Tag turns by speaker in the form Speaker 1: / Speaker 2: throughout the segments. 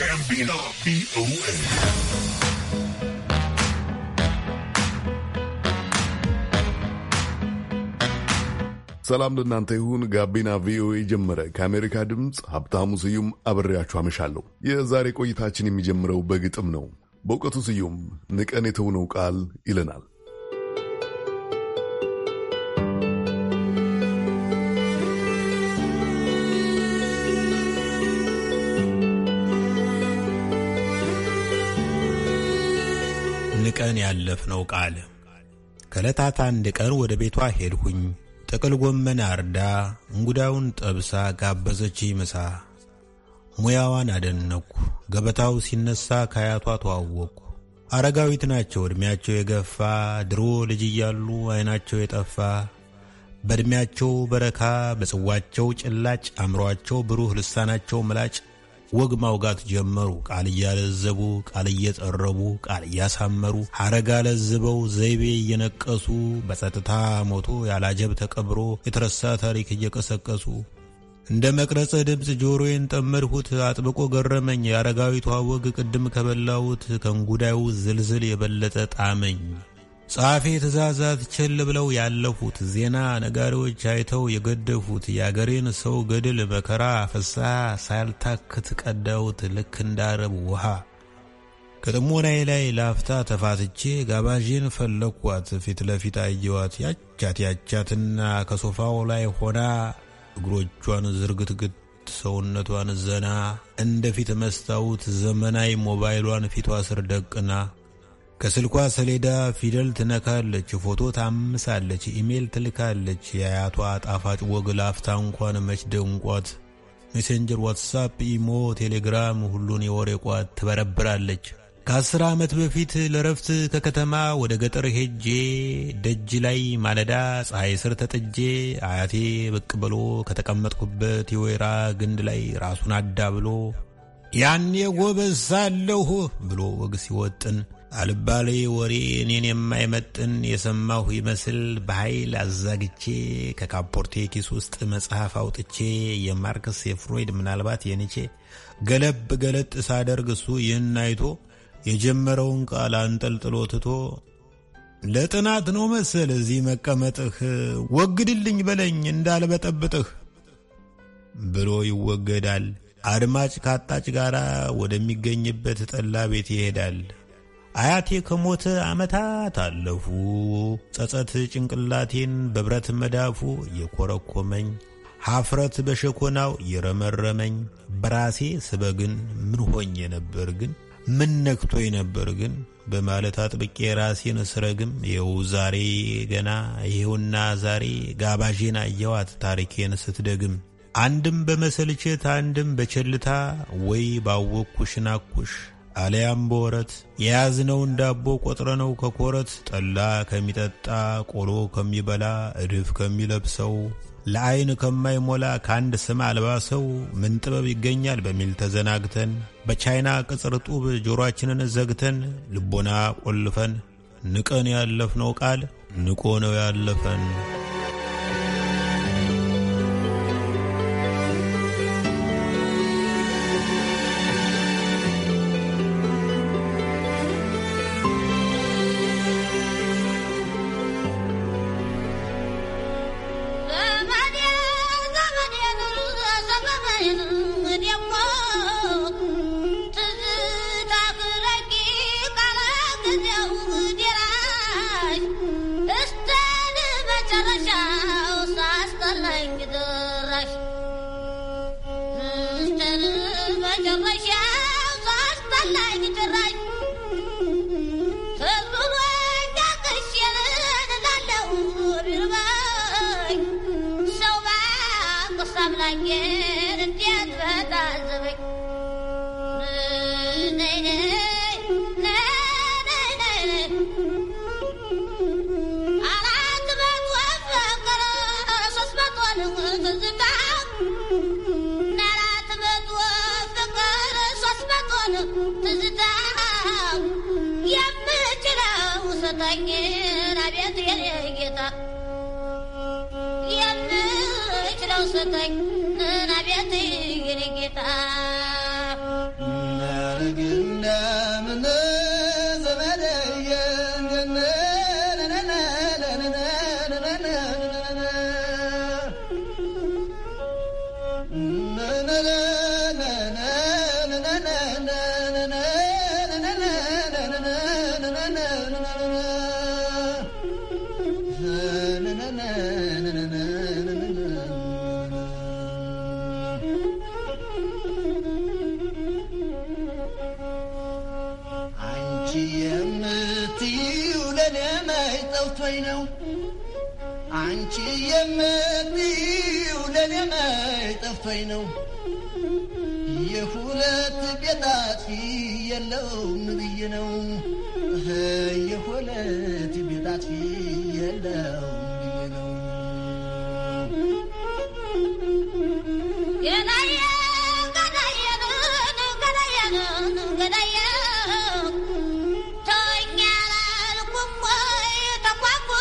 Speaker 1: ጋቢና ቪኦኤ
Speaker 2: ሰላም ለእናንተ ይሁን። ጋቢና ቪኦኤ ጀመረ። ከአሜሪካ ድምፅ ሀብታሙ ስዩም አብሬያችሁ አመሻለሁ። የዛሬ ቆይታችን የሚጀምረው በግጥም ነው። በእውቀቱ ስዩም ንቀን የተውነው ቃል ይለናል።
Speaker 3: ቀን ያለፍነው ቃል። ከዕለታት አንድ ቀን ወደ ቤቷ ሄድሁኝ። ጥቅል ጎመን አርዳ እንጉዳውን ጠብሳ ጋበዘች ምሳ። ሙያዋን አደነኩ ገበታው ሲነሳ ከአያቷ ተዋወቅኩ። አረጋዊት ናቸው ዕድሜያቸው የገፋ ድሮ ልጅ እያሉ ዐይናቸው የጠፋ በዕድሜያቸው በረካ በጽዋቸው ጭላጭ አእምሮአቸው ብሩህ ልሳናቸው ምላጭ ወግ ማውጋት ጀመሩ። ቃል እያለዘቡ፣ ቃል እየጠረቡ፣ ቃል እያሳመሩ ሐረግ አለዝበው ዘይቤ እየነቀሱ በጸጥታ ሞቶ ያላጀብ ተቀብሮ የተረሳ ታሪክ እየቀሰቀሱ እንደ መቅረጸ ድምፅ ጆሮዬን ጠመድሁት። አጥብቆ ገረመኝ። የአረጋዊቷ ወግ ቅድም ከበላሁት ከእንጉዳዩ ዝልዝል የበለጠ ጣመኝ። ጸሐፊ ትእዛዛት ችል ብለው ያለፉት ዜና ነጋሪዎች አይተው የገደፉት የአገሬን ሰው ገድል መከራ አፈሳ ሳልታክት ቀዳውት ልክ እንዳረብ ውሃ። ከጥሞናዬ ላይ ላፍታ ተፋትቼ ጋባዥን ፈለኳት። ፊት ለፊት አየዋት። ያቻት ያቻትና ከሶፋው ላይ ሆና እግሮቿን ዝርግትግት ሰውነቷን ዘና እንደፊት መስታወት ዘመናዊ ሞባይሏን ፊቷ ስር ደቅና ከስልኳ ሰሌዳ ፊደል ትነካለች፣ ፎቶ ታምሳለች፣ ኢሜል ትልካለች። የአያቷ ጣፋጭ ወግ ለአፍታ እንኳን መች ደንቋት። ሜሴንጀር፣ ዋትሳፕ፣ ኢሞ፣ ቴሌግራም ሁሉን የወሬ ቋት ትበረብራለች። ከአስር ዓመት በፊት ለረፍት ከከተማ ወደ ገጠር ሄጄ ደጅ ላይ ማለዳ ፀሐይ ስር ተጠጄ አያቴ ብቅ ብሎ ከተቀመጥኩበት የወይራ ግንድ ላይ ራሱን አዳ ብሎ ያኔ ጎበዝ ሳለሁ ብሎ ወግ ሲወጥን አልባሌ ወሬ እኔን የማይመጥን የሰማሁ ይመስል በኃይል አዛግቼ ከካፖርቴ ኪስ ውስጥ መጽሐፍ አውጥቼ የማርክስ የፍሮይድ ምናልባት የኒቼ ገለብ ገለጥ ሳደርግ እሱ ይህን አይቶ የጀመረውን ቃል አንጠልጥሎ ትቶ ለጥናት ነው መሰል እዚህ መቀመጥህ ወግድልኝ በለኝ እንዳልበጠብጥህ ብሎ ይወገዳል። አድማጭ ካጣጭ ጋር ወደሚገኝበት ጠላ ቤት ይሄዳል። አያቴ ከሞተ ዓመታት አለፉ። ጸጸት ጭንቅላቴን በብረት መዳፉ የኮረኮመኝ፣ ሐፍረት በሸኮናው የረመረመኝ፣ በራሴ ስበግን ምን ሆኜ ነበር ግን ምን ነክቶ ነበር ግን በማለት አጥብቄ ራሴን ስረግም ይኸው ዛሬ ገና ይኸውና ዛሬ ጋባዤን አየዋት ታሪኬን ስትደግም አንድም በመሰልቸት አንድም በቸልታ ወይ ባወቅኩሽ ናኩሽ አለያም በወረት የያዝነውን ዳቦ ቆጥረነው ከኮረት ጠላ ከሚጠጣ ቆሎ ከሚበላ እድፍ ከሚለብሰው ለአይን ከማይሞላ ከአንድ ስም አልባ ሰው ምን ጥበብ ይገኛል በሚል ተዘናግተን በቻይና ቅጽር ጡብ ጆሮአችንን ዘግተን ልቦና ቆልፈን ንቀን ያለፍነው ቃል ንቆ ነው ያለፈን።
Speaker 4: አራት መቶ ፍቅር የምችለው ስጠኝ አቤት ጌታ የምትይው ለኔ
Speaker 1: ነው? አንቺ የምትይው ለኔ ነው? የሁለት ቤታፊ የለውም ብዬ ነው የሁለት ቤታፊ
Speaker 4: የለውም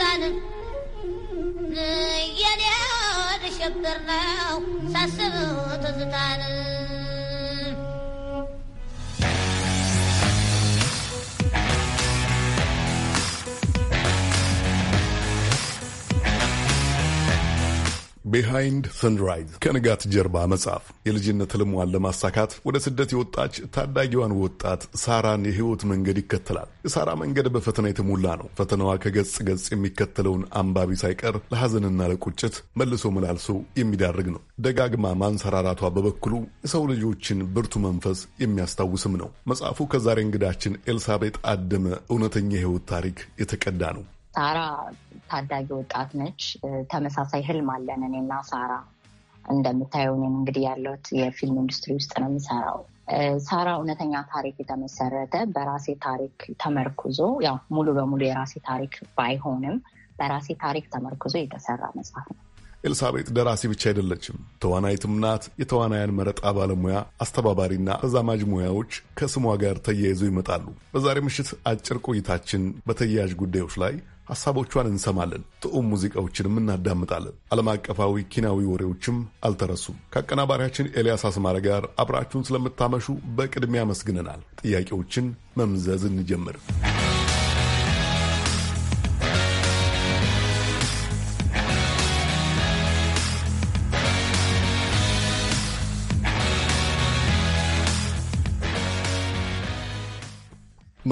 Speaker 4: ሰይጣን የኔ ወደ ሸበር ነው ሳስብ ትዝታን
Speaker 2: ቢሃይንድ ሰንራይዝ ከንጋት ጀርባ መጽሐፍ የልጅነት ህልሟን ለማሳካት ወደ ስደት የወጣች ታዳጊዋን ወጣት ሳራን የህይወት መንገድ ይከተላል። የሳራ መንገድ በፈተና የተሞላ ነው። ፈተናዋ ከገጽ ገጽ የሚከተለውን አንባቢ ሳይቀር ለሐዘንና ለቁጭት መልሶ መላልሶ የሚዳርግ ነው። ደጋግማ ማንሰራራቷ በበኩሉ የሰው ልጆችን ብርቱ መንፈስ የሚያስታውስም ነው። መጽሐፉ ከዛሬ እንግዳችን ኤልሳቤጥ አደመ እውነተኛ የህይወት ታሪክ የተቀዳ ነው።
Speaker 5: ሳራ ታዳጊ ወጣት ነች። ተመሳሳይ ህልም አለን እኔና ሳራ። እንደምታየው እኔም እንግዲህ ያለሁት የፊልም ኢንዱስትሪ ውስጥ ነው የሚሰራው። ሳራ እውነተኛ ታሪክ የተመሰረተ በራሴ ታሪክ ተመርኩዞ ያው ሙሉ በሙሉ የራሴ ታሪክ ባይሆንም በራሴ ታሪክ ተመርኩዞ የተሰራ መጽሐፍ ነው።
Speaker 2: ኤልሳቤጥ ደራሲ ብቻ አይደለችም፣ ተዋናይትም ናት። የተዋናያን መረጣ ባለሙያ፣ አስተባባሪና ተዛማጅ ሙያዎች ከስሟ ጋር ተያይዘው ይመጣሉ። በዛሬ ምሽት አጭር ቆይታችን በተያያዥ ጉዳዮች ላይ ሐሳቦቿን እንሰማለን፣ ጥዑም ሙዚቃዎችንም እናዳምጣለን። ዓለም አቀፋዊ ኪናዊ ወሬዎችም አልተረሱም። ከአቀናባሪያችን ኤልያስ አስማረ ጋር አብራችሁን ስለምታመሹ በቅድሚያ አመስግነናል። ጥያቄዎችን መምዘዝ እንጀምር።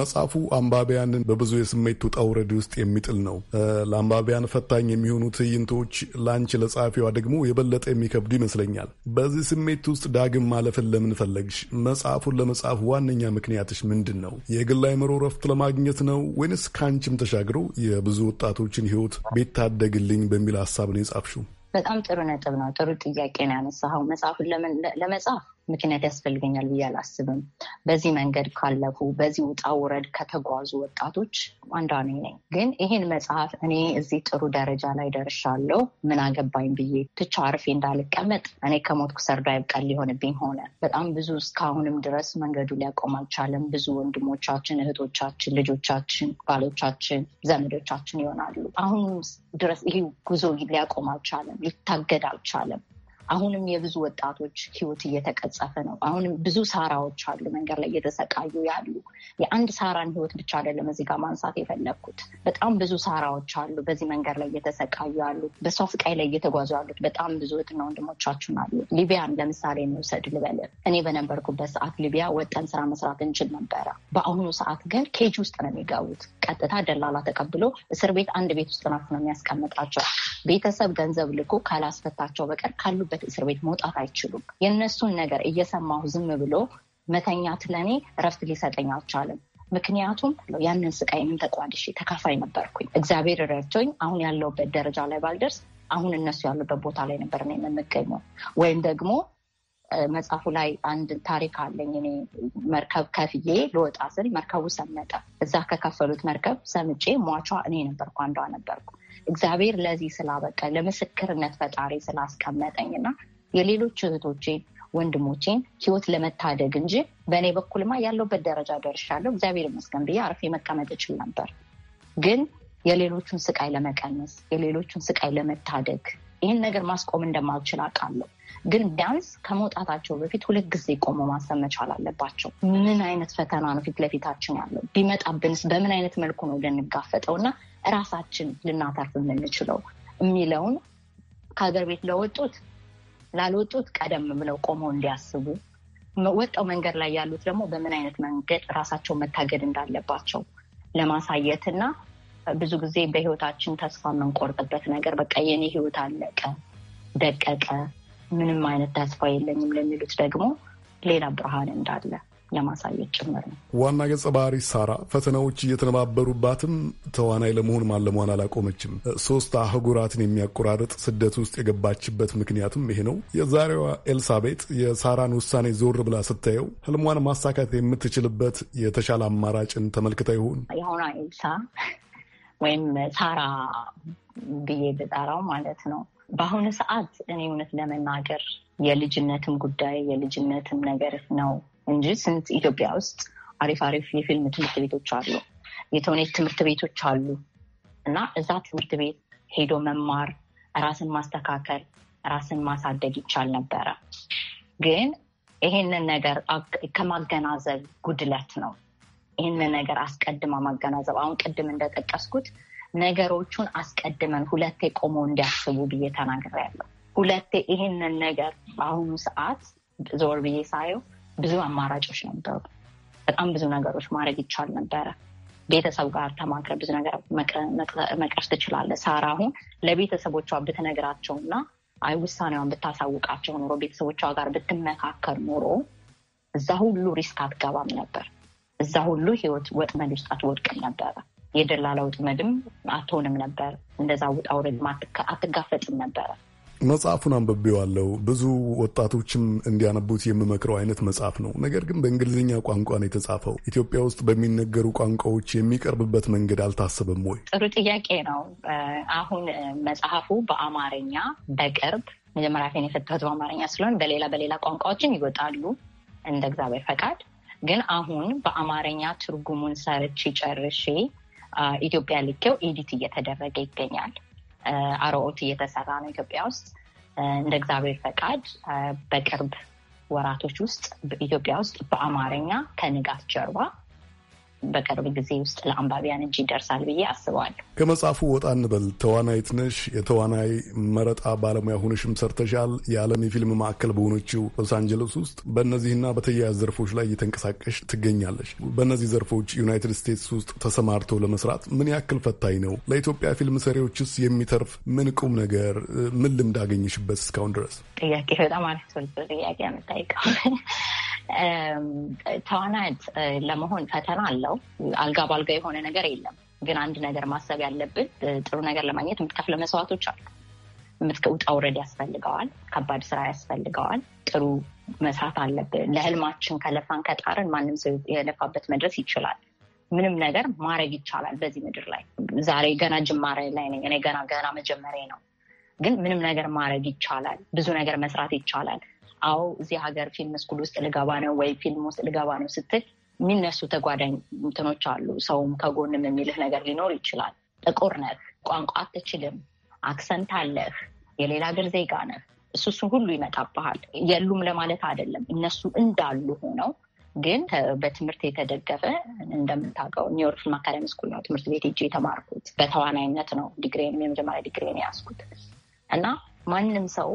Speaker 2: መጽሐፉ አንባቢያንን በብዙ የስሜት ውጣ ውረድ ውስጥ የሚጥል ነው። ለአንባቢያን ፈታኝ የሚሆኑ ትዕይንቶች ለአንቺ ለጸሐፊዋ ደግሞ የበለጠ የሚከብዱ ይመስለኛል። በዚህ ስሜት ውስጥ ዳግም ማለፍን ለምን ፈለግሽ? መጽሐፉን ለመጻፍ ዋነኛ ምክንያትሽ ምንድን ነው? የግል አእምሮ ረፍት ለማግኘት ነው ወይንስ ከአንቺም ተሻግሮ የብዙ ወጣቶችን ህይወት ቤታደግልኝ በሚል ሀሳብ ነው የጻፍሽው?
Speaker 5: በጣም ጥሩ ነጥብ ነው። ጥሩ ጥያቄ ነው ያነሳኸው። መጽሐፉን ለመጻፍ ምክንያት ያስፈልገኛል ብዬ አላስብም። በዚህ መንገድ ካለፉ፣ በዚህ ውጣ ውረድ ከተጓዙ ወጣቶች አንዷ ነኝ። ግን ይህን መጽሐፍ እኔ እዚህ ጥሩ ደረጃ ላይ ደርሻለሁ ምን አገባኝ ብዬ ትቻ አርፌ እንዳልቀመጥ እኔ ከሞትኩ ሰርዶ አይብቀል ሊሆንብኝ ሆነ። በጣም ብዙ እስካሁንም ድረስ መንገዱ ሊያቆም አልቻለም። ብዙ ወንድሞቻችን፣ እህቶቻችን፣ ልጆቻችን፣ ባሎቻችን፣ ዘመዶቻችን ይሆናሉ። አሁን ድረስ ይህ ጉዞ ሊያቆም አልቻለም፣ ሊታገድ አልቻለም። አሁንም የብዙ ወጣቶች ህይወት እየተቀጸፈ ነው። አሁንም ብዙ ሳራዎች አሉ መንገድ ላይ እየተሰቃዩ ያሉ። የአንድ ሳራን ህይወት ብቻ አይደለም እዚህ ጋር ማንሳት የፈለግኩት። በጣም ብዙ ሳራዎች አሉ በዚህ መንገድ ላይ እየተሰቃዩ ያሉ፣ በእሷ ስቃይ ላይ እየተጓዙ ያሉት በጣም ብዙ እህትና ወንድሞቻችን አሉ። ሊቢያን ለምሳሌ እንውሰድ ልበል። እኔ በነበርኩበት ሰዓት ሊቢያ ወጠን ስራ መስራት እንችል ነበረ። በአሁኑ ሰዓት ግን ኬጅ ውስጥ ነው የሚገቡት። ቀጥታ ደላላ ተቀብሎ እስር ቤት አንድ ቤት ውስጥ ናት ነው የሚያስቀምጣቸው። ቤተሰብ ገንዘብ ልኮ ካላስፈታቸው በቀር ካሉበት ካሉበት እስር ቤት መውጣት አይችሉም። የእነሱን ነገር እየሰማሁ ዝም ብሎ መተኛት ለእኔ እረፍት ሊሰጠኝ አልቻለም። ምክንያቱም ያንን ምን ተቋድሼ ተካፋይ ነበርኩኝ። እግዚአብሔር ረድቶኝ አሁን ያለውበት ደረጃ ላይ ባልደርስ አሁን እነሱ ያሉበት ቦታ ላይ ነበር ነው ወይም ደግሞ መጽሐፉ ላይ አንድ ታሪክ አለኝ። እኔ መርከብ ከፍዬ ልወጣ ስል መርከቡ ሰመጠ። እዛ ከከፈሉት መርከብ ሰምጬ ሟቿ እኔ ነበርኩ፣ አንዷ ነበርኩ። እግዚአብሔር ለዚህ ስላበቀ ለምስክርነት ፈጣሪ ስላስቀመጠኝ እና የሌሎች እህቶቼን ወንድሞቼን ህይወት ለመታደግ እንጂ በእኔ በኩልማ ያለውበት ደረጃ ደርሻለሁ እግዚአብሔር ይመስገን ብዬ አርፌ መቀመጥ እችል ነበር። ግን የሌሎቹን ስቃይ ለመቀነስ የሌሎቹን ስቃይ ለመታደግ ይህን ነገር ማስቆም እንደማልችል አውቃለሁ። ግን ቢያንስ ከመውጣታቸው በፊት ሁለት ጊዜ ቆሞ ማሰብ መቻል አለባቸው። ምን አይነት ፈተና ነው ፊት ለፊታችን ያለው? ቢመጣብንስ በምን አይነት መልኩ ነው ልንጋፈጠው እና ራሳችን ልናተርፍ የምንችለው የሚለውን ከሀገር ቤት ለወጡት ላልወጡት ቀደም ብለው ቆመው እንዲያስቡ ወጣው መንገድ ላይ ያሉት ደግሞ በምን አይነት መንገድ ራሳቸው መታገድ እንዳለባቸው ለማሳየት እና ብዙ ጊዜ በህይወታችን ተስፋ የምንቆርጥበት ነገር በቃ የኔ ህይወት አለቀ፣ ደቀቀ፣ ምንም አይነት ተስፋ የለኝም ለሚሉት ደግሞ ሌላ ብርሃን እንዳለ የማሳየት ጭምር ነው።
Speaker 2: ዋና ገጸ ባህሪ ሳራ ፈተናዎች እየተነባበሩባትም ተዋናይ ለመሆን ማለሟን አላቆመችም። ሶስት አህጉራትን የሚያቆራርጥ ስደት ውስጥ የገባችበት ምክንያትም ይሄ ነው። የዛሬዋ ኤልሳቤጥ የሳራን ውሳኔ ዞር ብላ ስታየው ህልሟን ማሳካት የምትችልበት የተሻለ አማራጭን ተመልክተ ይሆን?
Speaker 5: የሆነ ኤልሳ ወይም ሳራ ብዬ ብጠራው ማለት ነው። በአሁኑ ሰዓት እኔ እውነት ለመናገር የልጅነትም ጉዳይ የልጅነትም ነገር ነው እንጂ ስንት ኢትዮጵያ ውስጥ አሪፍ አሪፍ የፊልም ትምህርት ቤቶች አሉ፣ የተውኔት ትምህርት ቤቶች አሉ። እና እዛ ትምህርት ቤት ሄዶ መማር፣ ራስን ማስተካከል፣ ራስን ማሳደግ ይቻል ነበረ። ግን ይሄንን ነገር ከማገናዘብ ጉድለት ነው። ይህንን ነገር አስቀድማ ማገናዘብ አሁን ቅድም እንደጠቀስኩት ነገሮቹን አስቀድመን ሁለቴ ቆመው እንዲያስቡ ብዬ ተናግሬያለሁ። ሁለቴ ይህንን ነገር በአሁኑ ሰዓት ዞር ብዬ ሳየው ብዙ አማራጮች ነበሩ። በጣም ብዙ ነገሮች ማድረግ ይቻል ነበረ። ቤተሰብ ጋር ተማክረ ብዙ ነገር መቅረፍ ትችላለ። ሳራ አሁን ለቤተሰቦቿ ብትነግራቸው እና አይ ውሳኔዋን ብታሳውቃቸው ኖሮ ቤተሰቦቿ ጋር ብትመካከር ኖሮ እዛ ሁሉ ሪስክ አትገባም ነበር። እዛ ሁሉ ህይወት ወጥመድ ውስጥ አትወድቅም ነበረ። የደላላ ውጥመድም አትሆንም ነበር። እንደዛ ውጣ አትጋፈጥም ነበረ።
Speaker 2: መጽሐፉን አንብቤዋለሁ። ብዙ ወጣቶችም እንዲያነቡት የምመክረው አይነት መጽሐፍ ነው። ነገር ግን በእንግሊዝኛ ቋንቋ ነው የተጻፈው። ኢትዮጵያ ውስጥ በሚነገሩ ቋንቋዎች የሚቀርብበት መንገድ አልታሰበም ወይ?
Speaker 5: ጥሩ ጥያቄ ነው። አሁን መጽሐፉ በአማርኛ በቅርብ መጀመሪያ ፌን የፈታሁት በአማርኛ ስለሆን በሌላ በሌላ ቋንቋዎችን ይወጣሉ እንደ እግዚአብሔር ፈቃድ። ግን አሁን በአማርኛ ትርጉሙን ሰርቼ ጨርሼ ኢትዮጵያ ልኬው ኤዲት እየተደረገ ይገኛል። አርኦት እየተሰራ ነው ኢትዮጵያ ውስጥ። እንደ እግዚአብሔር ፈቃድ በቅርብ ወራቶች ውስጥ ኢትዮጵያ ውስጥ በአማርኛ ከንጋት ጀርባ በቅርብ ጊዜ ውስጥ ለአንባቢያን እጅ ይደርሳል ብዬ አስበዋል።
Speaker 2: ከመጽሐፉ ወጣ እንበል። ተዋናይት ነሽ፣ የተዋናይ መረጣ ባለሙያ ሆነሽም ሰርተሻል። የዓለም የፊልም ማዕከል በሆነችው ሎስ አንጀለስ ውስጥ በእነዚህና በተያያዝ ዘርፎች ላይ እየተንቀሳቀሽ ትገኛለች። በእነዚህ ዘርፎች ዩናይትድ ስቴትስ ውስጥ ተሰማርቶ ለመስራት ምን ያክል ፈታኝ ነው? ለኢትዮጵያ ፊልም ሰሪዎችስ የሚተርፍ ምን ቁም ነገር፣ ምን ልምድ አገኘሽበት እስካሁን ድረስ?
Speaker 5: ጥያቄ በጣም አሪፍ ጥያቄ ተዋናይት ለመሆን ፈተና አለ? ነው። አልጋ በአልጋ የሆነ ነገር የለም። ግን አንድ ነገር ማሰብ ያለብን ጥሩ ነገር ለማግኘት የምትከፍለ መስዋዕቶች አሉ። ውጣ ውረድ ያስፈልገዋል። ከባድ ስራ ያስፈልገዋል። ጥሩ መስራት አለብን። ለህልማችን ከለፋን ከጣርን ማንም ሰው የለፋበት መድረስ ይችላል። ምንም ነገር ማድረግ ይቻላል በዚህ ምድር ላይ። ዛሬ ገና ጅማሬ ላይ ነኝ እኔ ገና ገና መጀመሪያ ነው። ግን ምንም ነገር ማድረግ ይቻላል። ብዙ ነገር መስራት ይቻላል። አዎ እዚህ ሀገር ፊልም ስኩል ውስጥ ልገባ ነው ወይ ፊልም ውስጥ ልገባ ነው ስትል የሚነሱ ተጓዳኝ እንትኖች አሉ። ሰውም ከጎንም የሚልህ ነገር ሊኖር ይችላል። ጥቁር ነህ፣ ቋንቋ አትችልም፣ አክሰንት አለህ፣ የሌላ ሀገር ዜጋ ነህ። እሱ ሁሉ ይመጣብሃል። የሉም ለማለት አይደለም። እነሱ እንዳሉ ሆነው ግን በትምህርት የተደገፈ እንደምታውቀው ኒውዮርክ ፊልም አካዳሚ ስኩል ነው ትምህርት ቤት እጅ የተማርኩት። በተዋናይነት ነው ዲግሬን የመጀመሪያ ዲግሬን የያዝኩት እና ማንም ሰው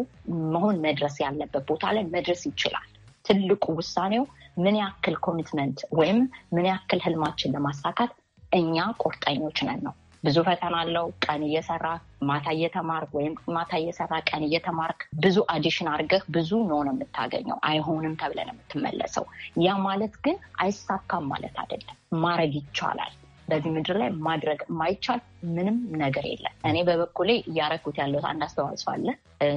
Speaker 5: መሆን መድረስ ያለበት ቦታ ላይ መድረስ ይችላል። ትልቁ ውሳኔው ምን ያክል ኮሚትመንት ወይም ምን ያክል ህልማችን ለማሳካት እኛ ቁርጠኞች ነን ነው። ብዙ ፈተና አለው። ቀን እየሰራ ማታ እየተማር ወይም ማታ እየሰራ ቀን እየተማርክ ብዙ አዲሽን አድርገህ ብዙ ነው ነው የምታገኘው። አይሆንም ተብለን የምትመለሰው ያ ማለት ግን አይሳካም ማለት አይደለም። ማድረግ ይቻላል። በዚህ ምድር ላይ ማድረግ የማይቻል ምንም ነገር የለም። እኔ በበኩሌ እያረኩት ያለሁት አንድ አስተዋጽኦ አለ።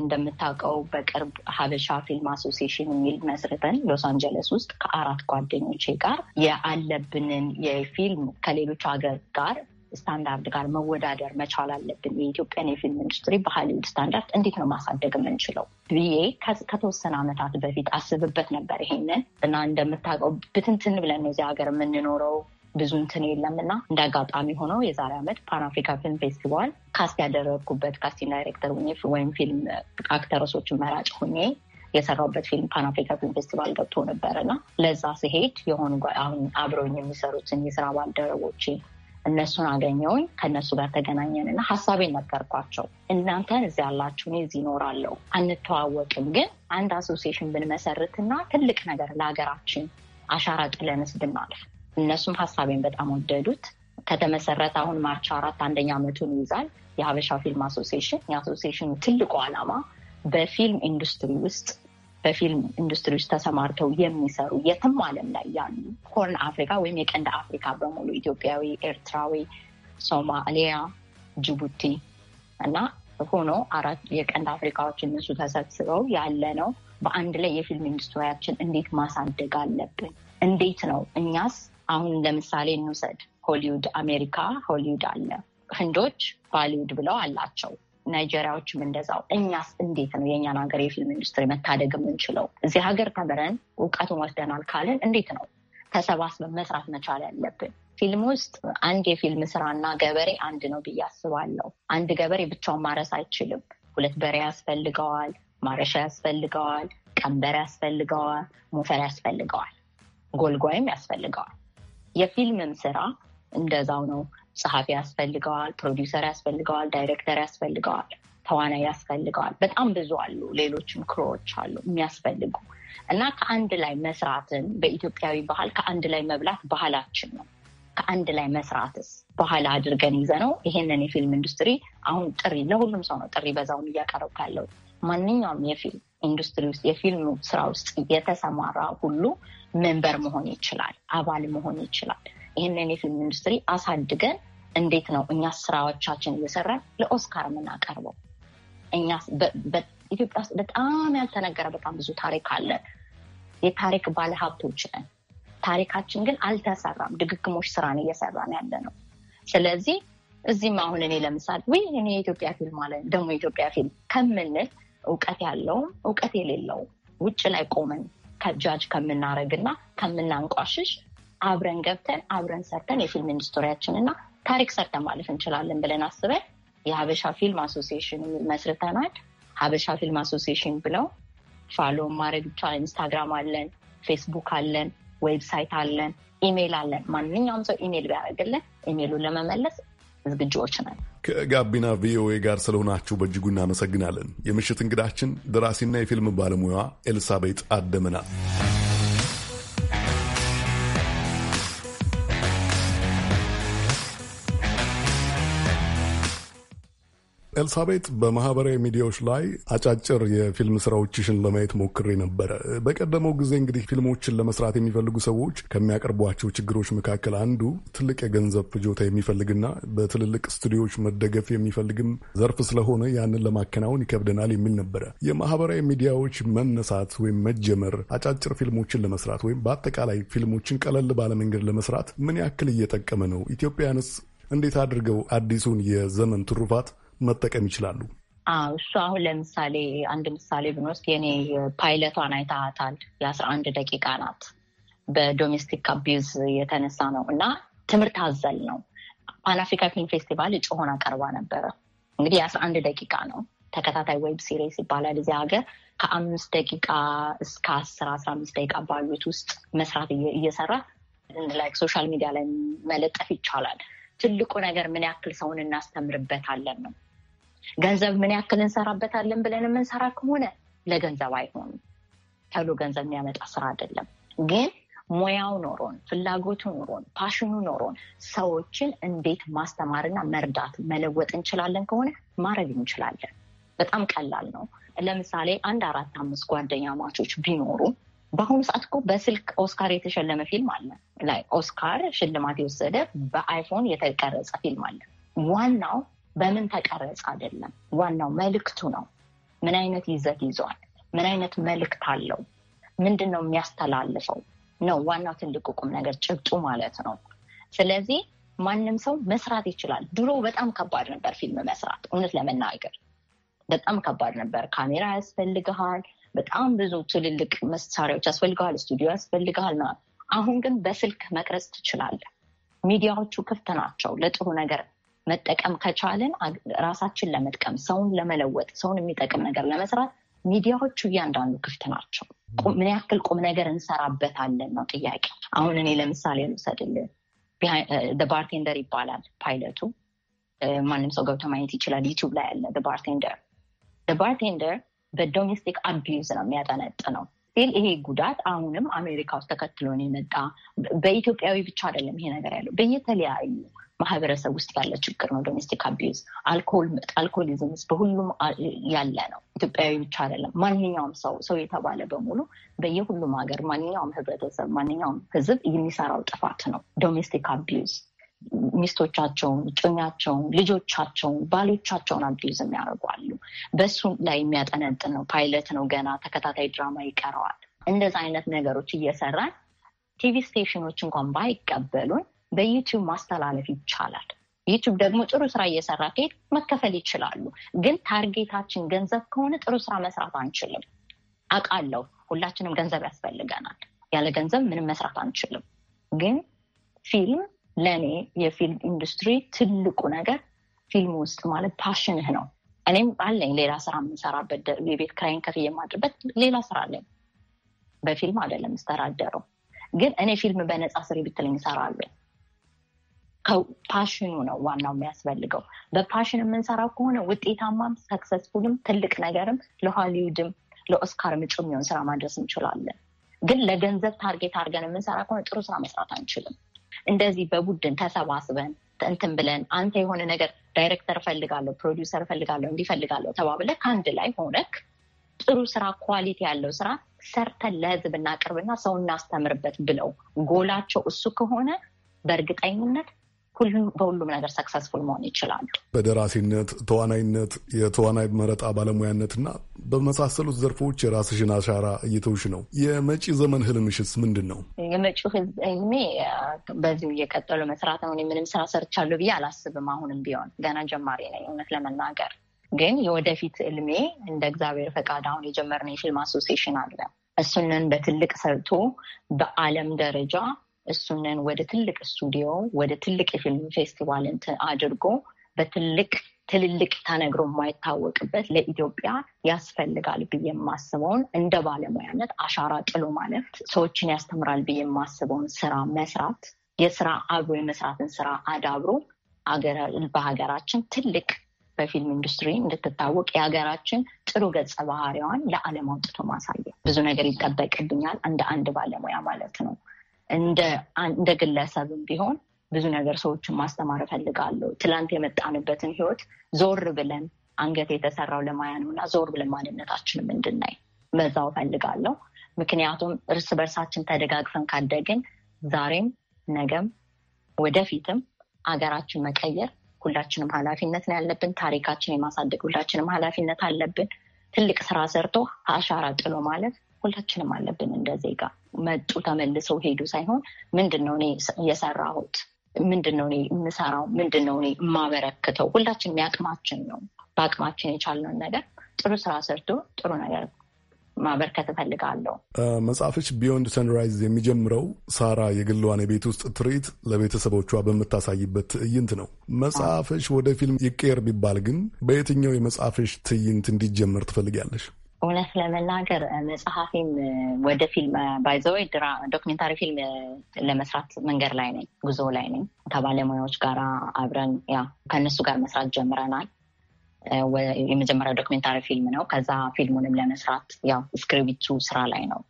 Speaker 5: እንደምታውቀው በቅርብ ሀበሻ ፊልም አሶሲሽን የሚል መስርተን ሎስ አንጀለስ ውስጥ ከአራት ጓደኞቼ ጋር የአለብንን የፊልም ከሌሎች ሀገር ጋር ስታንዳርድ ጋር መወዳደር መቻል አለብን። የኢትዮጵያን የፊልም ኢንዱስትሪ በሀሊውድ ስታንዳርድ እንዴት ነው ማሳደግ የምንችለው ብዬ ከተወሰነ ዓመታት በፊት አስብበት ነበር ይሄንን እና እንደምታውቀው ብትንትን ብለን ነው እዚህ ሀገር የምንኖረው። ብዙ እንትን የለም እና እንደ አጋጣሚ ሆነው የዛሬ ዓመት ፓን አፍሪካ ፊልም ፌስቲቫል ካስት ያደረግኩበት ካስቲንግ ዳይሬክተር ወይም ፊልም አክተረሶችን መራጭ ሆኜ የሰራውበት ፊልም ፓን አፍሪካ ፊልም ፌስቲቫል ገብቶ ነበር እና ለዛ ስሄድ የሆኑ አሁን አብረውኝ የሚሰሩትን የስራ ባልደረቦቼ እነሱን አገኘውኝ ከእነሱ ጋር ተገናኘን እና ሀሳቤን ነገርኳቸው። እናንተን እዚህ ያላችሁ እኔ እዚህ እኖራለሁ፣ አንተዋወቅም፣ ግን አንድ አሶሲሽን ብንመሰርትና ትልቅ ነገር ለሀገራችን አሻራ ጥለንስ ብናልፍ እነሱም ሀሳቤን በጣም ወደዱት። ከተመሰረተ አሁን ማርች አራት አንደኛ ዓመቱን ይይዛል የሀበሻ ፊልም አሶሲሽን። የአሶሲሽኑ ትልቁ ዓላማ በፊልም ኢንዱስትሪ ውስጥ በፊልም ኢንዱስትሪ ውስጥ ተሰማርተው የሚሰሩ የትም ዓለም ላይ ያሉ ሆርን አፍሪካ ወይም የቀንድ አፍሪካ በሙሉ ኢትዮጵያዊ፣ ኤርትራዊ፣ ሶማሊያ፣ ጅቡቲ እና ሆኖ አራት የቀንድ አፍሪካዎች እነሱ ተሰብስበው ያለ ነው። በአንድ ላይ የፊልም ኢንዱስትሪያችን እንዴት ማሳደግ አለብን? እንዴት ነው እኛስ አሁን ለምሳሌ እንውሰድ ሆሊውድ አሜሪካ ሆሊውድ አለ። ህንዶች ባሊውድ ብለው አላቸው። ናይጄሪያዎችም እንደዛው። እኛስ እንዴት ነው የእኛን ሀገር የፊልም ኢንዱስትሪ መታደግ የምንችለው? እዚህ ሀገር ተምረን እውቀቱን ወስደናል ካልን እንዴት ነው ተሰባስበን መስራት መቻል ያለብን? ፊልም ውስጥ አንድ የፊልም ስራና ገበሬ አንድ ነው ብዬ አስባለሁ። አንድ ገበሬ ብቻውን ማረስ አይችልም። ሁለት በሬ ያስፈልገዋል፣ ማረሻ ያስፈልገዋል፣ ቀንበር ያስፈልገዋል፣ ሞፈር ያስፈልገዋል፣ ጎልጓይም ያስፈልገዋል። የፊልምም ስራ እንደዛው ነው። ጸሐፊ ያስፈልገዋል፣ ፕሮዲውሰር ያስፈልገዋል፣ ዳይሬክተር ያስፈልገዋል፣ ተዋናይ ያስፈልገዋል። በጣም ብዙ አሉ። ሌሎችም ክሮዎች አሉ የሚያስፈልጉ እና ከአንድ ላይ መስራትን በኢትዮጵያዊ ባህል ከአንድ ላይ መብላት ባህላችን ነው። ከአንድ ላይ መስራትስ ባህል አድርገን ይዘ ነው ይሄንን የፊልም ኢንዱስትሪ አሁን ጥሪ ለሁሉም ሰው ነው ጥሪ በዛውን እያቀረብ ካለው ማንኛውም የፊልም ኢንዱስትሪ ውስጥ የፊልም ስራ ውስጥ የተሰማራ ሁሉ መንበር መሆን ይችላል፣ አባል መሆን ይችላል። ይህንን የፊልም ኢንዱስትሪ አሳድገን እንዴት ነው እኛ ስራዎቻችን እየሰራን ለኦስካር የምናቀርበው? እኛ ኢትዮጵያ ውስጥ በጣም ያልተነገረ በጣም ብዙ ታሪክ አለ። የታሪክ ባለሀብቶች ነን። ታሪካችን ግን አልተሰራም። ድግግሞች ስራን እየሰራን ያለ ነው። ስለዚህ እዚህም አሁን እኔ ለምሳሌ ወይ እኔ የኢትዮጵያ ፊልም አለ ደግሞ የኢትዮጵያ ፊልም ከምንል እውቀት ያለውም እውቀት የሌለውም ውጭ ላይ ቆመን ከጃጅ ከምናደረግና ከምናንቋሽሽ አብረን ገብተን አብረን ሰርተን የፊልም ኢንዱስትሪያችን እና ታሪክ ሰርተን ማለፍ እንችላለን ብለን አስበን የሀበሻ ፊልም አሶሲሽን መስርተናል። ሀበሻ ፊልም አሶሲሽን ብለው ፋሎ ማድረግ ብቻ ኢንስታግራም አለን፣ ፌስቡክ አለን፣ ዌብሳይት አለን፣ ኢሜይል አለን። ማንኛውም ሰው ኢሜይል ቢያደርግልን ኢሜይሉን ለመመለስ ዝግጅዎች ነን።
Speaker 2: ከጋቢና ቪኦኤ ጋር ስለሆናችሁ በእጅጉ እናመሰግናለን። የምሽት እንግዳችን ደራሲና የፊልም ባለሙያዋ ኤልሳቤጥ አደመናል። ኤልሳቤጥ፣ በማህበራዊ ሚዲያዎች ላይ አጫጭር የፊልም ስራዎችሽን ለማየት ሞክሬ ነበረ። በቀደመው ጊዜ እንግዲህ ፊልሞችን ለመስራት የሚፈልጉ ሰዎች ከሚያቀርቧቸው ችግሮች መካከል አንዱ ትልቅ የገንዘብ ፍጆታ የሚፈልግና በትልልቅ ስቱዲዮዎች መደገፍ የሚፈልግም ዘርፍ ስለሆነ ያንን ለማከናወን ይከብደናል የሚል ነበረ። የማህበራዊ ሚዲያዎች መነሳት ወይም መጀመር አጫጭር ፊልሞችን ለመስራት ወይም በአጠቃላይ ፊልሞችን ቀለል ባለመንገድ ለመስራት ምን ያክል እየጠቀመ ነው? ኢትዮጵያንስ እንዴት አድርገው አዲሱን የዘመን ትሩፋት
Speaker 5: መጠቀም ይችላሉ? እሱ አሁን ለምሳሌ አንድ ምሳሌ ብንወስድ የኔ ፓይለቷን አይታታል። የአስራ አንድ ደቂቃ ናት። በዶሜስቲክ አቢዩዝ የተነሳ ነው እና ትምህርት አዘል ነው። ፓን አፍሪካ ፊልም ፌስቲቫል እጩ ሆና ቀርባ ነበረ። እንግዲህ የአስራ አንድ ደቂቃ ነው ተከታታይ ዌብ ሲሪስ ይባላል እዚህ ሀገር ከአምስት ደቂቃ እስከ አስር አስራ አምስት ደቂቃ ባሉት ውስጥ መስራት እየሰራ ላይክ ሶሻል ሚዲያ ላይ መለጠፍ ይቻላል። ትልቁ ነገር ምን ያክል ሰውን እናስተምርበታለን ነው ገንዘብ ምን ያክል እንሰራበታለን ብለን የምንሰራ ከሆነ ለገንዘብ አይሆንም። ተብሎ ገንዘብ የሚያመጣ ስራ አይደለም። ግን ሙያው ኖሮን፣ ፍላጎቱ ኖሮን፣ ፓሽኑ ኖሮን ሰዎችን እንዴት ማስተማርና መርዳት መለወጥ እንችላለን ከሆነ ማድረግ እንችላለን። በጣም ቀላል ነው። ለምሳሌ አንድ አራት አምስት ጓደኛ ማቾች ቢኖሩ በአሁኑ ሰዓት እኮ በስልክ ኦስካር የተሸለመ ፊልም አለ። ላይ ኦስካር ሽልማት የወሰደ በአይፎን የተቀረጸ ፊልም አለ። ዋናው በምን ተቀረጽ አይደለም ዋናው መልእክቱ ነው። ምን አይነት ይዘት ይዟል? ምን አይነት መልእክት አለው? ምንድን ነው የሚያስተላልፈው? ነው ዋናው ትልቁ ቁም ነገር ጭብጡ ማለት ነው። ስለዚህ ማንም ሰው መስራት ይችላል። ድሮ በጣም ከባድ ነበር ፊልም መስራት። እውነት ለመናገር በጣም ከባድ ነበር። ካሜራ ያስፈልግሃል፣ በጣም ብዙ ትልልቅ መሳሪያዎች ያስፈልግሃል፣ ስቱዲዮ ያስፈልግሃል። አሁን ግን በስልክ መቅረጽ ትችላለህ። ሚዲያዎቹ ክፍት ናቸው ለጥሩ ነገር መጠቀም ከቻልን ራሳችን ለመጥቀም ሰውን ለመለወጥ ሰውን የሚጠቅም ነገር ለመስራት ሚዲያዎቹ እያንዳንዱ ክፍት ናቸው። ምን ያክል ቁም ነገር እንሰራበታለን ነው ጥያቄ። አሁን እኔ ለምሳሌ ልውሰድልህ፣ ባርቴንደር ይባላል ፓይለቱ። ማንም ሰው ገብቶ ማየት ይችላል። ዩቲዩብ ላይ ያለ ባርቴንደር። ባርቴንደር በዶሜስቲክ አቢዩዝ ነው ነው ሲል ይሄ ጉዳት አሁንም አሜሪካ ውስጥ ተከትሎን የመጣ በኢትዮጵያዊ ብቻ አይደለም። ይሄ ነገር ያለው በየተለያዩ ማህበረሰብ ውስጥ ያለ ችግር ነው። ዶሜስቲክ አቢዩዝ አልኮሊዝምስ በሁሉም ያለ ነው። ኢትዮጵያዊ ብቻ አይደለም። ማንኛውም ሰው ሰው የተባለ በሙሉ በየሁሉም ሀገር ማንኛውም ህብረተሰብ፣ ማንኛውም ህዝብ የሚሰራው ጥፋት ነው ዶሜስቲክ አቢዩዝ። ሚስቶቻቸውን፣ እጮኛቸውን፣ ልጆቻቸውን፣ ባሎቻቸውን አቢዩዝ የሚያደርጓሉ። በሱ ላይ የሚያጠነጥን ነው። ፓይለት ነው ገና ተከታታይ ድራማ ይቀረዋል። እንደዚ አይነት ነገሮች እየሰራን ቲቪ ስቴሽኖች እንኳን ባይቀበሉን በዩቲዩብ ማስተላለፍ ይቻላል። ዩቲዩብ ደግሞ ጥሩ ስራ እየሰራ ከሄድ መከፈል ይችላሉ። ግን ታርጌታችን ገንዘብ ከሆነ ጥሩ ስራ መስራት አንችልም። አውቃለሁ፣ ሁላችንም ገንዘብ ያስፈልገናል። ያለ ገንዘብ ምንም መስራት አንችልም። ግን ፊልም ለእኔ የፊልም ኢንዱስትሪ ትልቁ ነገር ፊልም ውስጥ ማለት ፓሽንህ ነው። እኔም አለኝ ሌላ ስራ የምንሰራበት የቤት ክራይን ከፍ የማድርበት ሌላ ስራ አለኝ። በፊልም አይደለም የምስተዳደረው። ግን እኔ ፊልም በነፃ ስሪ ብትለኝ እሰራለሁ። ፓሽኑ ነው ዋናው የሚያስፈልገው። በፓሽን የምንሰራው ከሆነ ውጤታማም፣ ሰክሰስፉልም፣ ትልቅ ነገርም ለሆሊውድም ለኦስካር ምጩ የሚሆን ስራ ማድረስ እንችላለን። ግን ለገንዘብ ታርጌት አድርገን የምንሰራ ከሆነ ጥሩ ስራ መስራት አንችልም። እንደዚህ በቡድን ተሰባስበን እንትን ብለን አንተ የሆነ ነገር ዳይሬክተር እፈልጋለሁ፣ ፕሮዲውሰር እፈልጋለሁ፣ እንዲፈልጋለሁ ተባብለ ከአንድ ላይ ሆነክ ጥሩ ስራ ኳሊቲ ያለው ስራ ሰርተን ለህዝብ እናቅርብና ሰው እናስተምርበት ብለው ጎላቸው እሱ ከሆነ በእርግጠኝነት በሁሉም ነገር ሰክሰስፉል መሆን ይችላሉ።
Speaker 2: በደራሲነት፣ ተዋናይነት፣ የተዋናይ መረጣ ባለሙያነትና በመሳሰሉት ዘርፎች የራስሽን አሻራ እየተውሽ ነው። የመጪ ዘመን ህልምሽስ ምንድን ነው?
Speaker 5: የመጪው ህልሜ በዚሁ እየቀጠሉ መስራት ነው። ምንም ስራ ሰርቻለሁ ብዬ አላስብም። አሁንም ቢሆን ገና ጀማሪ ነኝ እውነት ለመናገር ግን የወደፊት እልሜ እንደ እግዚአብሔር ፈቃድ አሁን የጀመርነው የፊልም አሶሴሽን አለ። እሱንን በትልቅ ሰርቶ በዓለም ደረጃ እሱንን ወደ ትልቅ ስቱዲዮ ወደ ትልቅ የፊልም ፌስቲቫል አድርጎ በትልቅ ትልልቅ ተነግሮ የማይታወቅበት ለኢትዮጵያ ያስፈልጋል ብዬ የማስበውን እንደ ባለሙያነት አሻራ ጥሎ ማለፍ ሰዎችን ያስተምራል ብዬ የማስበውን ስራ መስራት የስራ አብሮ የመስራትን ስራ አዳብሮ በሀገራችን ትልቅ በፊልም ኢንዱስትሪ እንድትታወቅ የሀገራችን ጥሩ ገጸ ባህሪዋን ለዓለም አውጥቶ ማሳየ ብዙ ነገር ይጠበቅብኛል እንደ አንድ ባለሙያ ማለት ነው። እንደ ግለሰብም ቢሆን ብዙ ነገር ሰዎችን ማስተማር እፈልጋለሁ። ትላንት የመጣንበትን ህይወት ዞር ብለን አንገት የተሰራው ለማያ ነው እና ዞር ብለን ማንነታችንም እንድናይ መዛው እፈልጋለሁ። ምክንያቱም እርስ በርሳችን ተደጋግፈን ካደግን ዛሬም፣ ነገም፣ ወደፊትም አገራችን መቀየር ሁላችንም ኃላፊነት ነው ያለብን። ታሪካችን የማሳደግ ሁላችንም ኃላፊነት አለብን። ትልቅ ስራ ሰርቶ አሻራ ጥሎ ማለት ሁላችንም አለብን እንደ ዜጋ መጡ ተመልሰው ሄዱ ሳይሆን ምንድን ነው እኔ የሰራሁት ምንድን ነው እኔ የምሰራው ምንድን ነው እኔ የማበረክተው ሁላችንም የአቅማችን ነው በአቅማችን የቻልነውን ነገር ጥሩ ስራ ሰርቶ ጥሩ ነገር ማበርከት እፈልጋለሁ።
Speaker 2: መጽሐፍሽ ቢዮንድ ሰንራይዝ የሚጀምረው ሳራ የግሏን የቤት ውስጥ ትርኢት ለቤተሰቦቿ በምታሳይበት ትዕይንት ነው። መጽሐፍሽ ወደ ፊልም ይቀየር ቢባል ግን በየትኛው የመጽሐፍሽ ትዕይንት እንዲጀምር ትፈልጊያለሽ?
Speaker 5: እውነት ለመናገር መጽሐፊም ወደ ፊልም ባይዘወይ ድራ ዶክሜንታሪ ፊልም ለመስራት መንገድ ላይ ነኝ፣ ጉዞ ላይ ነኝ። ከባለሙያዎች ጋር አብረን ያ ከእነሱ ጋር መስራት ጀምረናል። የመጀመሪያው ዶክሜንታሪ ፊልም ነው። ከዛ ፊልሙንም ለመስራት ያው እስክሪብቱ ስራ ላይ ነው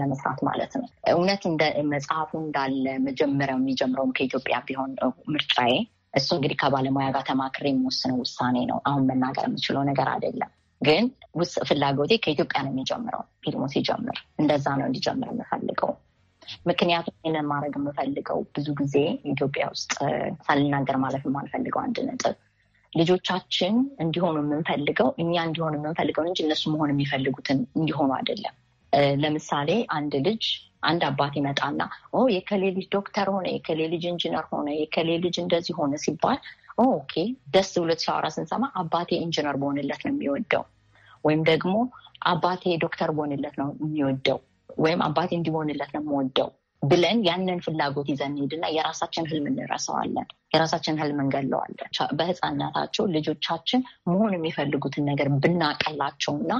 Speaker 5: ለመስራት ማለት ነው። እውነት እንደ መጽሐፉ እንዳለ መጀመሪያው የሚጀምረውም ከኢትዮጵያ ቢሆን ምርጫዬ እሱ እንግዲህ ከባለሙያ ጋር ተማክሬ የምወስነው ውሳኔ ነው። አሁን መናገር የምችለው ነገር አይደለም። ግን ውስጥ ፍላጎቴ ከኢትዮጵያ ነው የሚጀምረው። ፊልሙ ሲጀምር እንደዛ ነው እንዲጀምር የምፈልገው። ምክንያቱም ይህንን ማድረግ የምፈልገው ብዙ ጊዜ ኢትዮጵያ ውስጥ ሳልናገር ማለፍ የማልፈልገው አንድ ነጥብ ልጆቻችን እንዲሆኑ የምንፈልገው እኛ እንዲሆኑ የምንፈልገው እንጂ እነሱ መሆን የሚፈልጉትን እንዲሆኑ አይደለም። ለምሳሌ አንድ ልጅ አንድ አባት ይመጣና የከሌ ልጅ ዶክተር ሆነ፣ የከሌ ልጅ ኢንጂነር ሆነ፣ የከሌ ልጅ እንደዚህ ሆነ ሲባል ኦኬ ደስ ብሎት ሲያወራ ስንሰማ አባቴ ኢንጂነር በሆንለት ነው የሚወደው ወይም ደግሞ አባቴ ዶክተር በሆንለት ነው የሚወደው ወይም አባቴ እንዲሆንለት ነው የምወደው ብለን ያንን ፍላጎት ይዘን ሄድና የራሳችን ህልም እንረሳዋለን። የራሳችን ህልም እንገለዋለን። በህፃነታቸው ልጆቻችን መሆን የሚፈልጉትን ነገር ብናቀላቸውና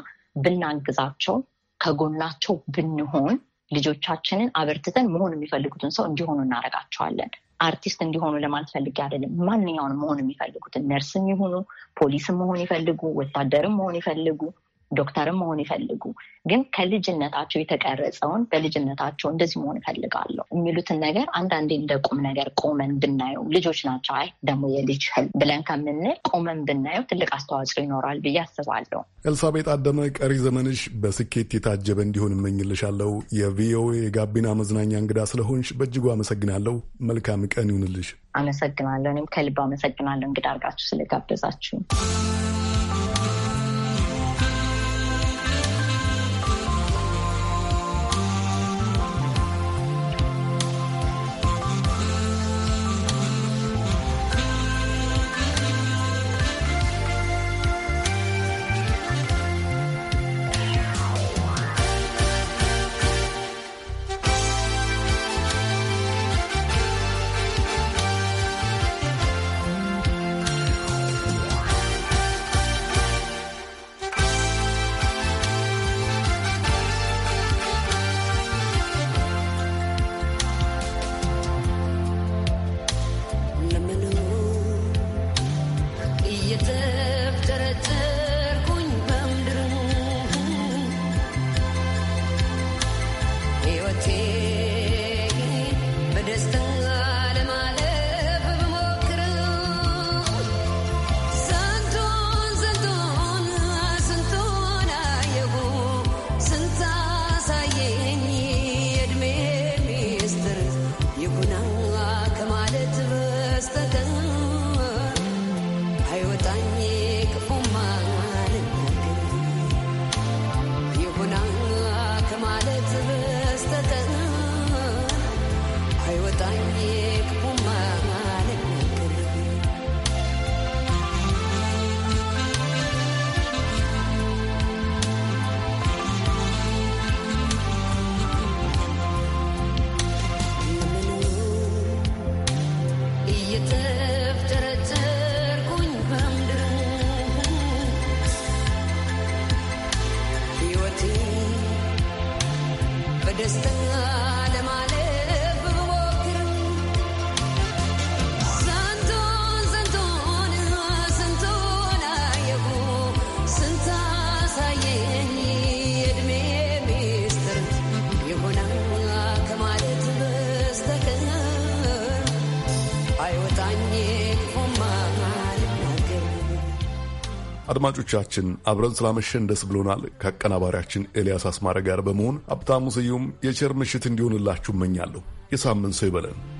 Speaker 5: ብናግዛቸው ከጎናቸው ብንሆን ልጆቻችንን አበርትተን መሆን የሚፈልጉትን ሰው እንዲሆኑ እናደርጋቸዋለን። አርቲስት እንዲሆኑ ለማለት ፈልጌ አይደለም። ማንኛውንም መሆን የሚፈልጉትን ነርስም ይሁኑ፣ ፖሊስም መሆን ይፈልጉ፣ ወታደርም መሆን ይፈልጉ፣ ዶክተርም መሆን ይፈልጉ ግን ከልጅነታቸው የተቀረጸውን በልጅነታቸው እንደዚህ መሆን ይፈልጋለሁ የሚሉትን ነገር አንዳንዴ እንደ ቁም ነገር ቆመን ብናየው ልጆች ናቸው፣ አይ ደግሞ የልጅ ህል ብለን ከምንል ቆመን ብናየው ትልቅ አስተዋጽኦ ይኖራል ብዬ አስባለሁ።
Speaker 2: ኤልሳቤጥ አደመ፣ ቀሪ ዘመንሽ በስኬት የታጀበ እንዲሆን እመኝልሻለሁ። የቪኦኤ የጋቢና መዝናኛ እንግዳ ስለሆንሽ በእጅጉ አመሰግናለሁ። መልካም ቀን ይሁንልሽ።
Speaker 5: አመሰግናለሁ። እኔም ከልብ አመሰግናለሁ እንግዳ አድርጋችሁ ስለጋበዛችሁ።
Speaker 2: አድማጮቻችን አብረን ስላመሸን ደስ ብሎናል። ከአቀናባሪያችን ኤልያስ አስማረ ጋር በመሆን ሀብታሙ ስዩም የቸር ምሽት እንዲሆንላችሁ እመኛለሁ። የሳምንት ሰው ይበለን።